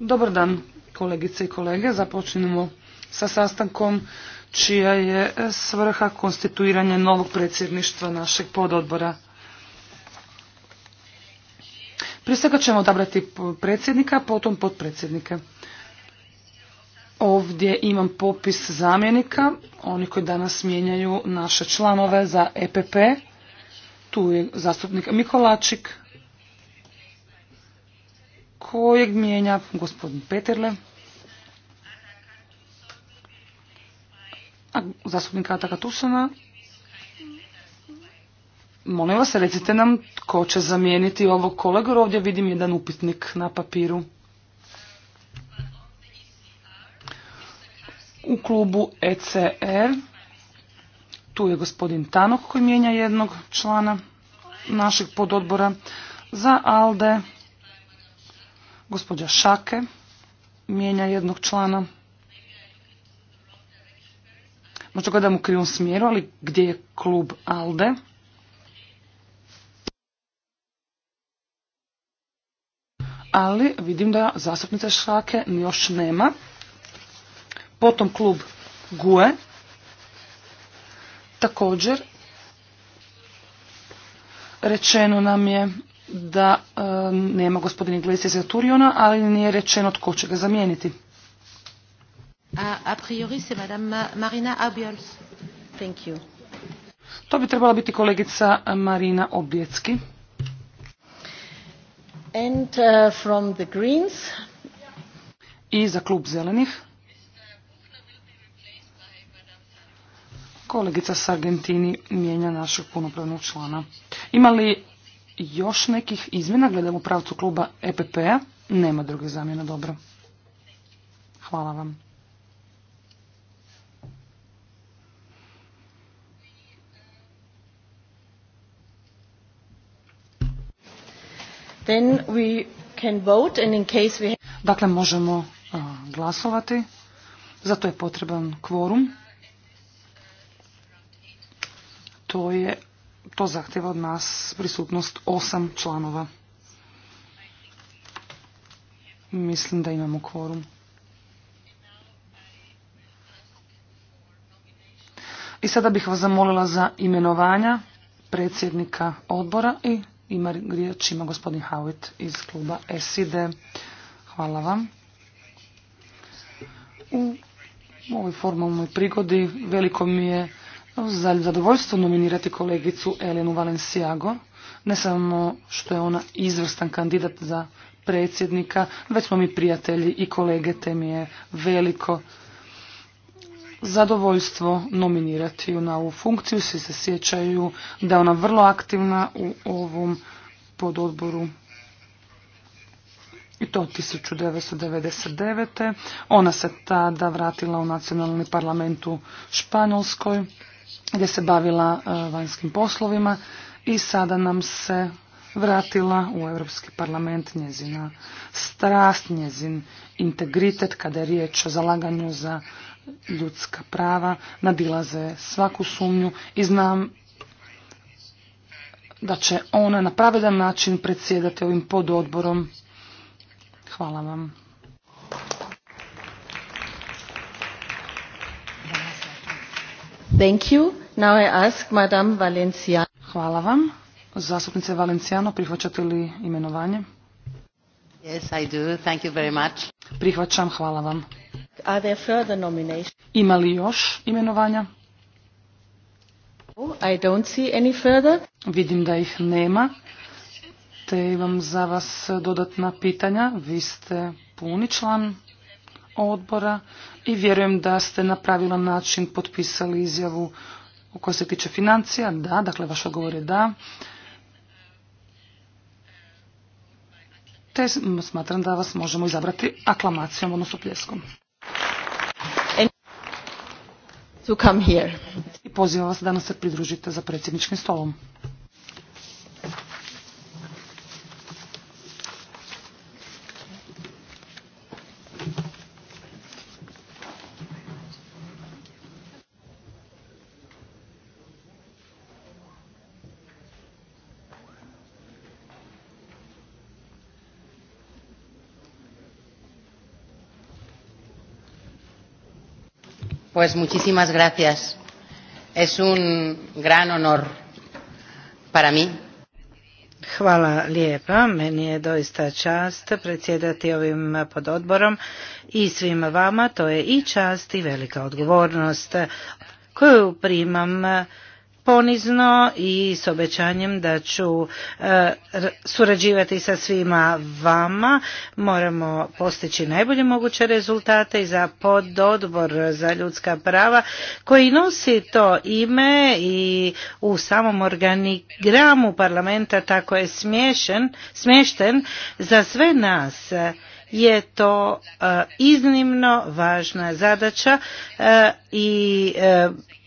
Dobar dan, kolegice i kolege. Započinimo sa sastankom čija je svrha konstituiranje novog predsjedništva našeg pododbora. Prije svega ćemo odabrati predsjednika, potom podpredsjednike. Ovdje imam popis zamjenika, oni koji danas mijenjaju naše članove za EPP. Tu je zastupnik Mikolačik, kojeg mijenja gospodin Peterle. A zastupnika Ataka Tusana, molim vas recite nam tko će zamijeniti ovog kolegu, ovdje vidim jedan upitnik na papiru. U klubu ECR, tu je gospodin Tanok koji mijenja jednog člana našeg pododbora za ALDE. Gospođa Šake mijenja jednog člana. Možda gledam u krivom smjeru, ali gdje je klub ALDE? Ali vidim da zastupnice Šake još nema. Potom klub GUE. Također, rečeno nam je da um, nema gospodina za Turiona, ali nije rečeno tko će ga zamijeniti. A, priori se madame Marina Abjels. Thank you. To bi trebala biti kolegica Marina Objetski. And uh, from the Greens. I za klub zelenih. Kolegica s Argentini mijenja našeg punopravnog člana. Ima li još nekih izmjena gledamo u pravcu kluba EPP-a. Nema drugih zamjena, dobro. Hvala vam. Then Dakle, možemo glasovati glasovati. Zato je potreban kvorum. To je to zahtjeva od nas prisutnost osam članova. Mislim da imamo kvorum. I sada bih vas zamolila za imenovanja predsjednika odbora i ima riječ ima gospodin Howitt iz kluba SID. Hvala vam. U ovoj formalnoj prigodi veliko mi je za zadovoljstvo nominirati kolegicu Elenu Valenciago, ne samo što je ona izvrstan kandidat za predsjednika, već smo mi prijatelji i kolege, te mi je veliko zadovoljstvo nominirati ju na ovu funkciju. Svi se sjećaju da je ona vrlo aktivna u ovom pododboru i to 1999. Ona se tada vratila u nacionalni parlament u Španjolskoj gdje se bavila e, vanjskim poslovima i sada nam se vratila u Europski parlament njezina strast, njezin integritet kada je riječ o zalaganju za ljudska prava, nadilaze svaku sumnju i znam da će ona na pravedan način predsjedati ovim pododborom. Hvala vam. Thank you. Now I ask Madame Valenciano. Hvala vam. Zastupnice Valenciano, prihvaćate li imenovanje? Yes, I do. Thank you very much. Prihvaćam, hvala vam. Are there further nominations? Ima li još imenovanja? Oh, I don't see any further. Vidim da ih nema. Te imam za vas dodatna pitanja. Vi ste puni član odbora i vjerujem da ste na pravilan način potpisali izjavu kojoj se tiče financija. Da, dakle vaš odgovor je da. Te smatram da vas možemo izabrati aklamacijom, odnosno pljeskom. I pozivam vas da nas se pridružite za predsjedničkim stolom. Pues muchísimas gracias. Es un gran honor para mí. Hvala lijepa, meni je doista čast predsjedati ovim pododborom i svim vama, to je i čast i velika odgovornost koju primam ponizno i s obećanjem da ću e, surađivati sa svima vama. Moramo postići najbolje moguće rezultate i za pododbor za ljudska prava koji nosi to ime i u samom organigramu parlamenta tako je smješen, smješten za sve nas je to e, iznimno važna zadaća e, i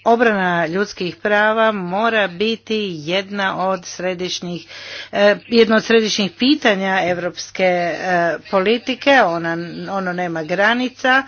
Obrana ljudskih prava mora biti jedna od središnjih, e, jedno od središnjih pitanja europske e, politike, Ona, ono nema granica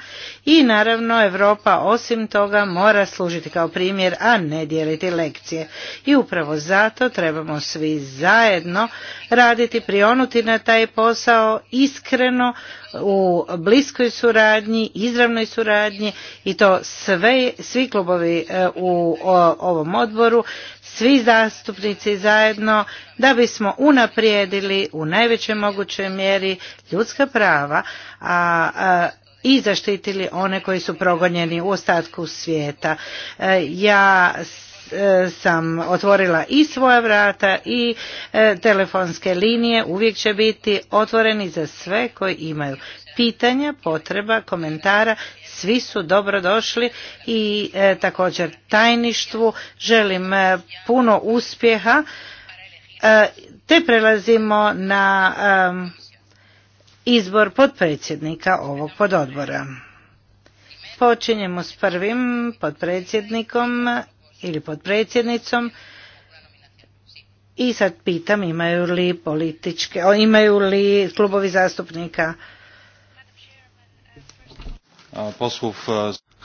i naravno Europa osim toga mora služiti kao primjer, a ne dijeliti lekcije. I upravo zato trebamo svi zajedno raditi, prionuti na taj posao iskreno, u bliskoj suradnji, izravnoj suradnji i to sve, svi klubovi e, u ovom odboru, svi zastupnici zajedno da bismo unaprijedili u najvećoj mogućoj mjeri ljudska prava a, a i zaštitili one koji su progonjeni u ostatku svijeta. E, ja E, sam otvorila i svoja vrata i e, telefonske linije uvijek će biti otvoreni za sve koji imaju pitanja, potreba, komentara, svi su dobrodošli i e, također tajništvu želim puno uspjeha te prelazimo na izbor potpredsjednika ovog pododbora. Počinjemo s prvim potpredsjednikom ili potpredsjednicom i sad pitam imaju li političke, imaju li klubovi zastupnika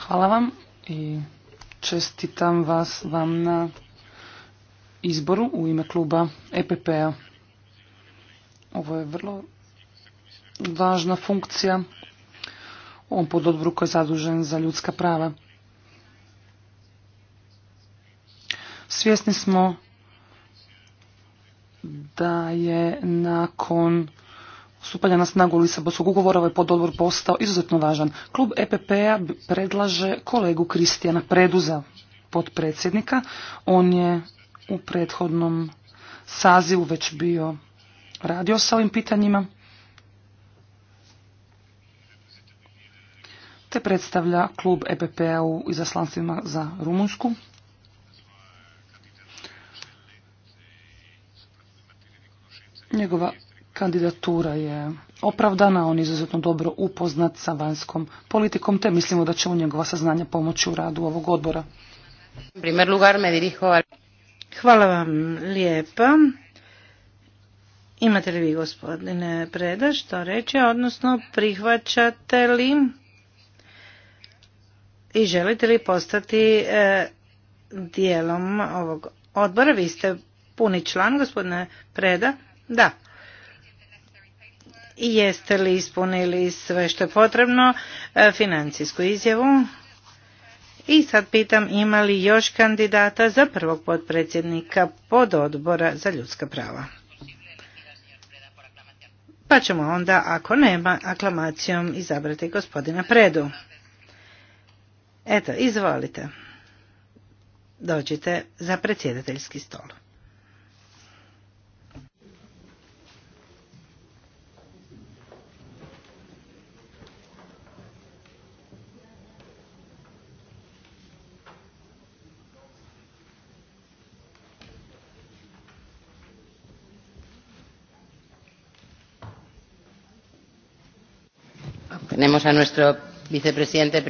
Hvala vam i čestitam vas vam na izboru u ime kluba EPP-a. Ovo je vrlo važna funkcija On ovom pododboru koji je zadužen za ljudska prava. Svjesni smo da je nakon stupanja na snagu Lisabonskog ugovora ovaj pododbor postao izuzetno važan. Klub EPP-a predlaže kolegu Kristijana Preduza potpredsjednika. On je u prethodnom sazivu već bio radio sa ovim pitanjima. Te predstavlja klub EPP-a u izaslanstvima za Rumunsku. Njegova kandidatura je opravdana, on je izuzetno dobro upoznat sa vanjskom politikom, te mislimo da će u njegova saznanja pomoći u radu ovog odbora. Hvala vam lijepa. Imate li vi, gospodine Preda, što reći, odnosno prihvaćate li i želite li postati e, dijelom ovog odbora? Vi ste puni član, gospodine Preda. Da. I jeste li ispunili sve što je potrebno, e, financijsku izjavu? I sad pitam ima li još kandidata za prvog potpredsjednika pod odbora za ljudska prava. Pa ćemo onda, ako nema, aklamacijom izabrati gospodina Predu. Eto, izvolite. Dođite za predsjedateljski stol. a nuestro vicepresidente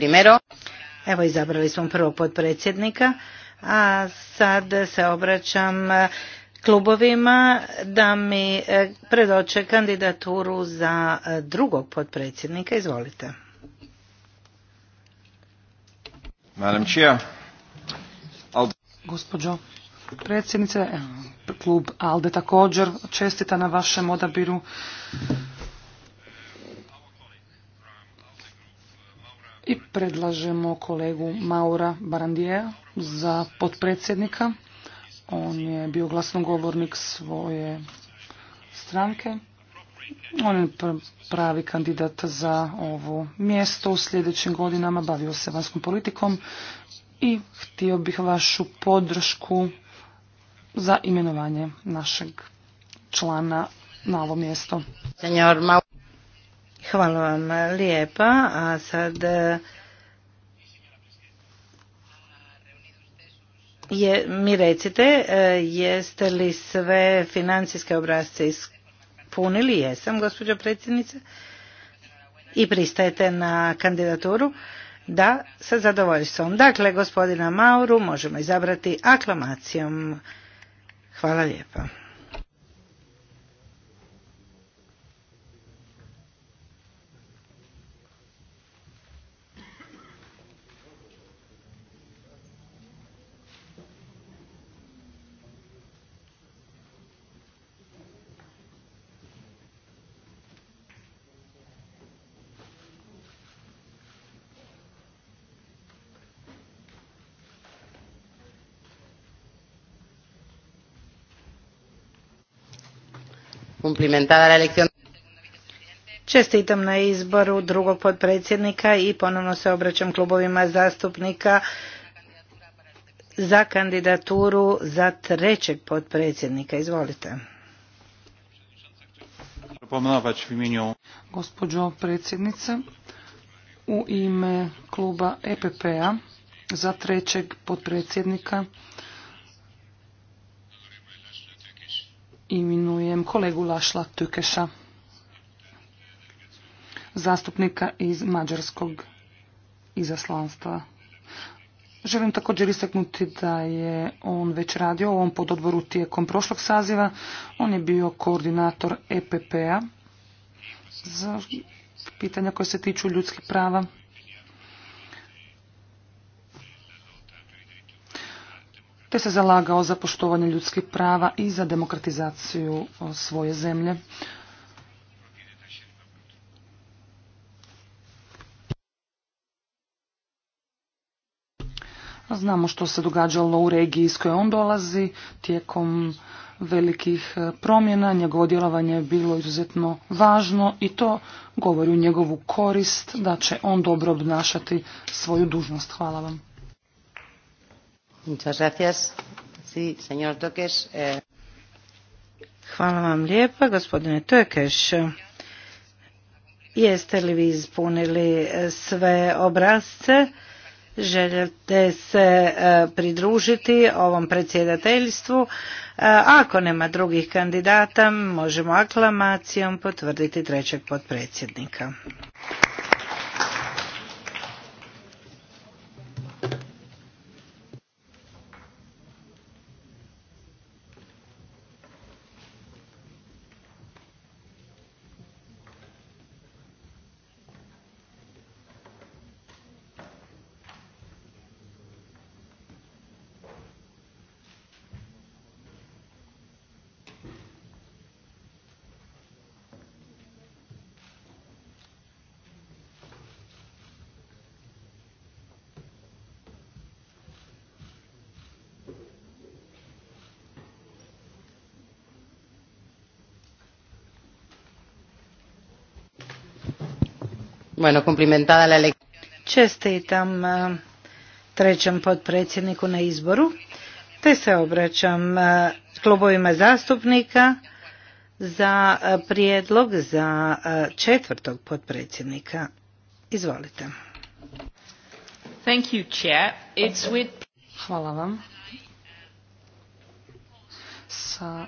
Evo izabrali smo prvog potpredsjednika, a sad se obraćam e, klubovima da mi e, predoče kandidaturu za e, drugog potpredsjednika. Izvolite. Madam Gospođo predsjednice, klub ALDE također čestita na vašem odabiru I predlažemo kolegu Maura Barandija za potpredsjednika. On je bio glasnogovornik svoje stranke. On je pravi kandidat za ovo mjesto u sljedećim godinama, bavio se vanjskom politikom i htio bih vašu podršku za imenovanje našeg člana na ovo mjesto. Hvala vam lijepa, a sad e, mi recite, e, jeste li sve financijske obrazce ispunili? Jesam, gospođo predsjednice. I pristajete na kandidaturu? Da, sa zadovoljstvom. Dakle, gospodina Mauru možemo izabrati aklamacijom. Hvala lijepa. cumplimentada Čestitam na izboru drugog potpredsjednika i ponovno se obraćam klubovima zastupnika za kandidaturu za trećeg potpredsjednika. Izvolite. Gospođo predsjednice, u ime kluba EPP-a za trećeg potpredsjednika imenujem kolegu Lašla Tukeša, zastupnika iz Mađarskog izaslanstva. Želim također istaknuti da je on već radio u ovom pododboru tijekom prošlog saziva. On je bio koordinator EPP-a za pitanja koje se tiču ljudskih prava. se zalagao za poštovanje ljudskih prava i za demokratizaciju svoje zemlje. Znamo što se događalo u regiji iz koje on dolazi tijekom velikih e, promjena. Njegovo djelovanje je bilo izuzetno važno i to govori u njegovu korist da će on dobro obnašati svoju dužnost. Hvala vam. Eh. Hvala vam lijepa, gospodine Tokeš, Jeste li vi ispunili e, sve obrazce? Željete se e, pridružiti ovom predsjedateljstvu? E, ako nema drugih kandidata, možemo aklamacijom potvrditi trećeg potpredsjednika. Bueno, cumplimentada la Čestitam eh, trećem potpredsjedniku na izboru, te se obraćam eh, klubovima zastupnika za eh, prijedlog za četvrtog potpredsjednika. Izvolite. Thank you, Hvala vam. Sa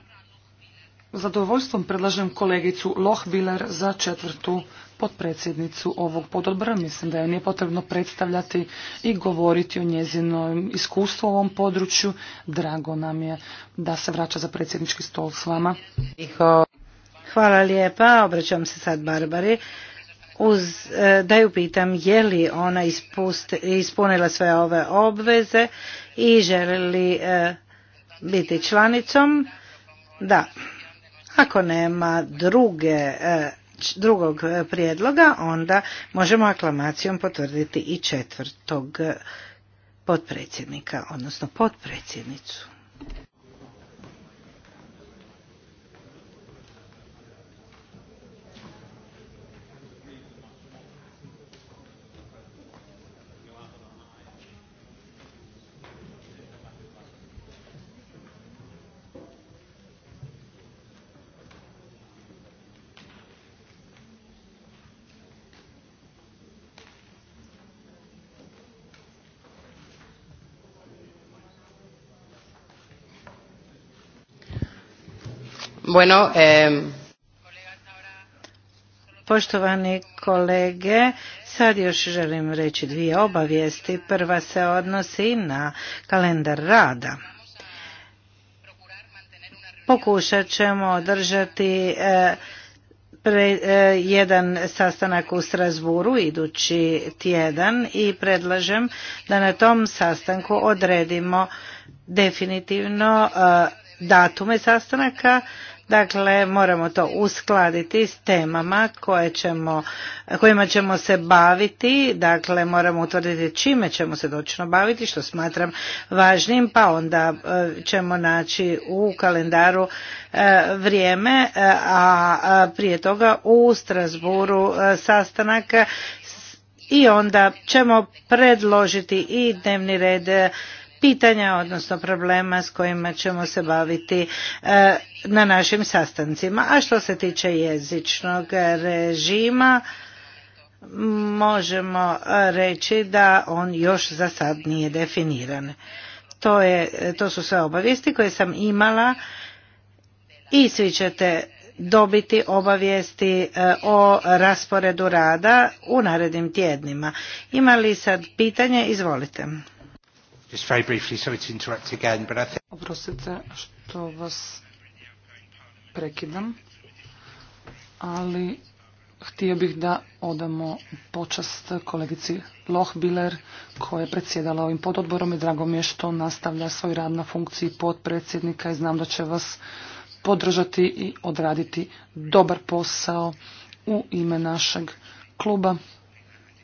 zadovoljstvom predlažem kolegicu Lohbiler za četvrtu potpredsjednicu ovog pododbora. Mislim da je nije potrebno predstavljati i govoriti o njezinom iskustvu u ovom području. Drago nam je da se vraća za predsjednički stol s vama. Hvala lijepa. Obraćam se sad Barbari uz, e, da ju pitam je li ona ispunila sve ove obveze i želi li e, biti članicom. Da, ako nema druge e, drugog e, prijedloga, onda možemo aklamacijom potvrditi i četvrtog e, potpredsjednika, odnosno potpredsjednicu. Poštovani kolege, sad još želim reći dvije obavijesti. Prva se odnosi na kalendar rada. Pokušat ćemo održati e, e, jedan sastanak u Strasburu idući tjedan i predlažem da na tom sastanku odredimo definitivno e, datume sastanaka Dakle, moramo to uskladiti s temama koje ćemo, kojima ćemo se baviti, dakle moramo utvrditi čime ćemo se dočno baviti, što smatram važnim, pa onda e, ćemo naći u kalendaru e, vrijeme, e, a prije toga u Strasburu sastanak i onda ćemo predložiti i dnevni red pitanja, odnosno problema s kojima ćemo se baviti e, na našim sastancima. A što se tiče jezičnog režima, možemo reći da on još za sad nije definiran. To, je, to su sve obavijesti koje sam imala i svi ćete dobiti obavijesti e, o rasporedu rada u narednim tjednima. Ima li sad pitanje? Izvolite. Just very again, but I think... Oprostite što vas prekidam, ali htio bih da odamo počast kolegici Lohbiler koja je predsjedala ovim pododborom i drago mi je što nastavlja svoj rad na funkciji podpredsjednika i znam da će vas podržati i odraditi dobar posao u ime našeg kluba.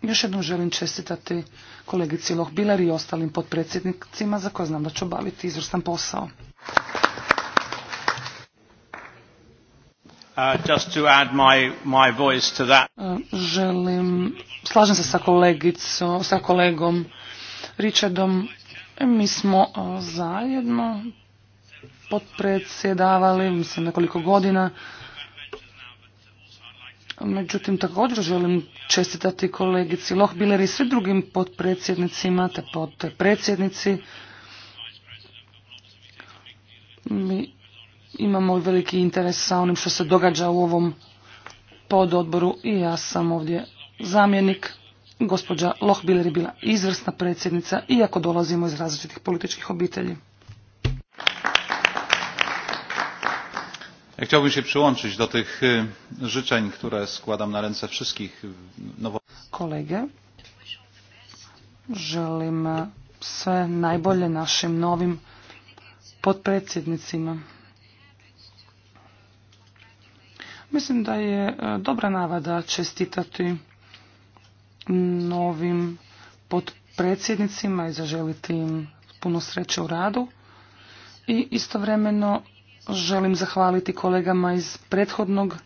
Još jednom želim čestitati kolegici Lohbiler i ostalim potpredsjednicima za koje znam da ću obaviti izvrstan posao. Želim, slažem se sa kolegicom, sa kolegom Richardom. E, mi smo uh, zajedno potpredsjedavali, mislim, nekoliko godina. Međutim, također želim čestitati kolegici Lohbiler i svim drugim podpredsjednicima te podpredsjednici. Mi imamo veliki interes sa onim što se događa u ovom pododboru i ja sam ovdje zamjenik. Gospođa Lohbiler je bila izvrsna predsjednica, iako dolazimo iz različitih političkih obitelji. chciałbym się przyłączyć do tych życzeń, które składam na ręce wszystkich nowo... Kolege, želim e, sve najbolje našim novim podpredsjednicima. Mislim da je e, dobra navada čestitati novim podpredsjednicima i zaželiti im puno sreće u radu i istovremeno želim zahvaliti kolegama iz prethodnog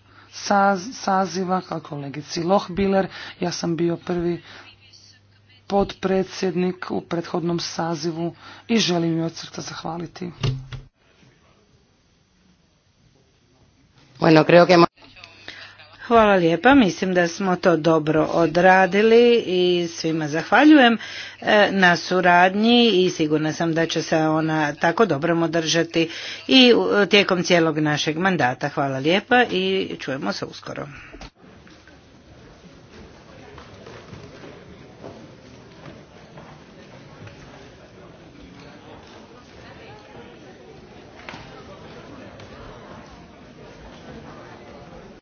saziva, kao kolegici Lohbiler. Ja sam bio prvi podpredsjednik u prethodnom sazivu i želim joj od srca zahvaliti. Bueno, creo que... Hvala lijepa, mislim da smo to dobro odradili i svima zahvaljujem e, na suradnji i sigurna sam da će se ona tako dobro održati i tijekom cijelog našeg mandata. Hvala lijepa i čujemo se uskoro.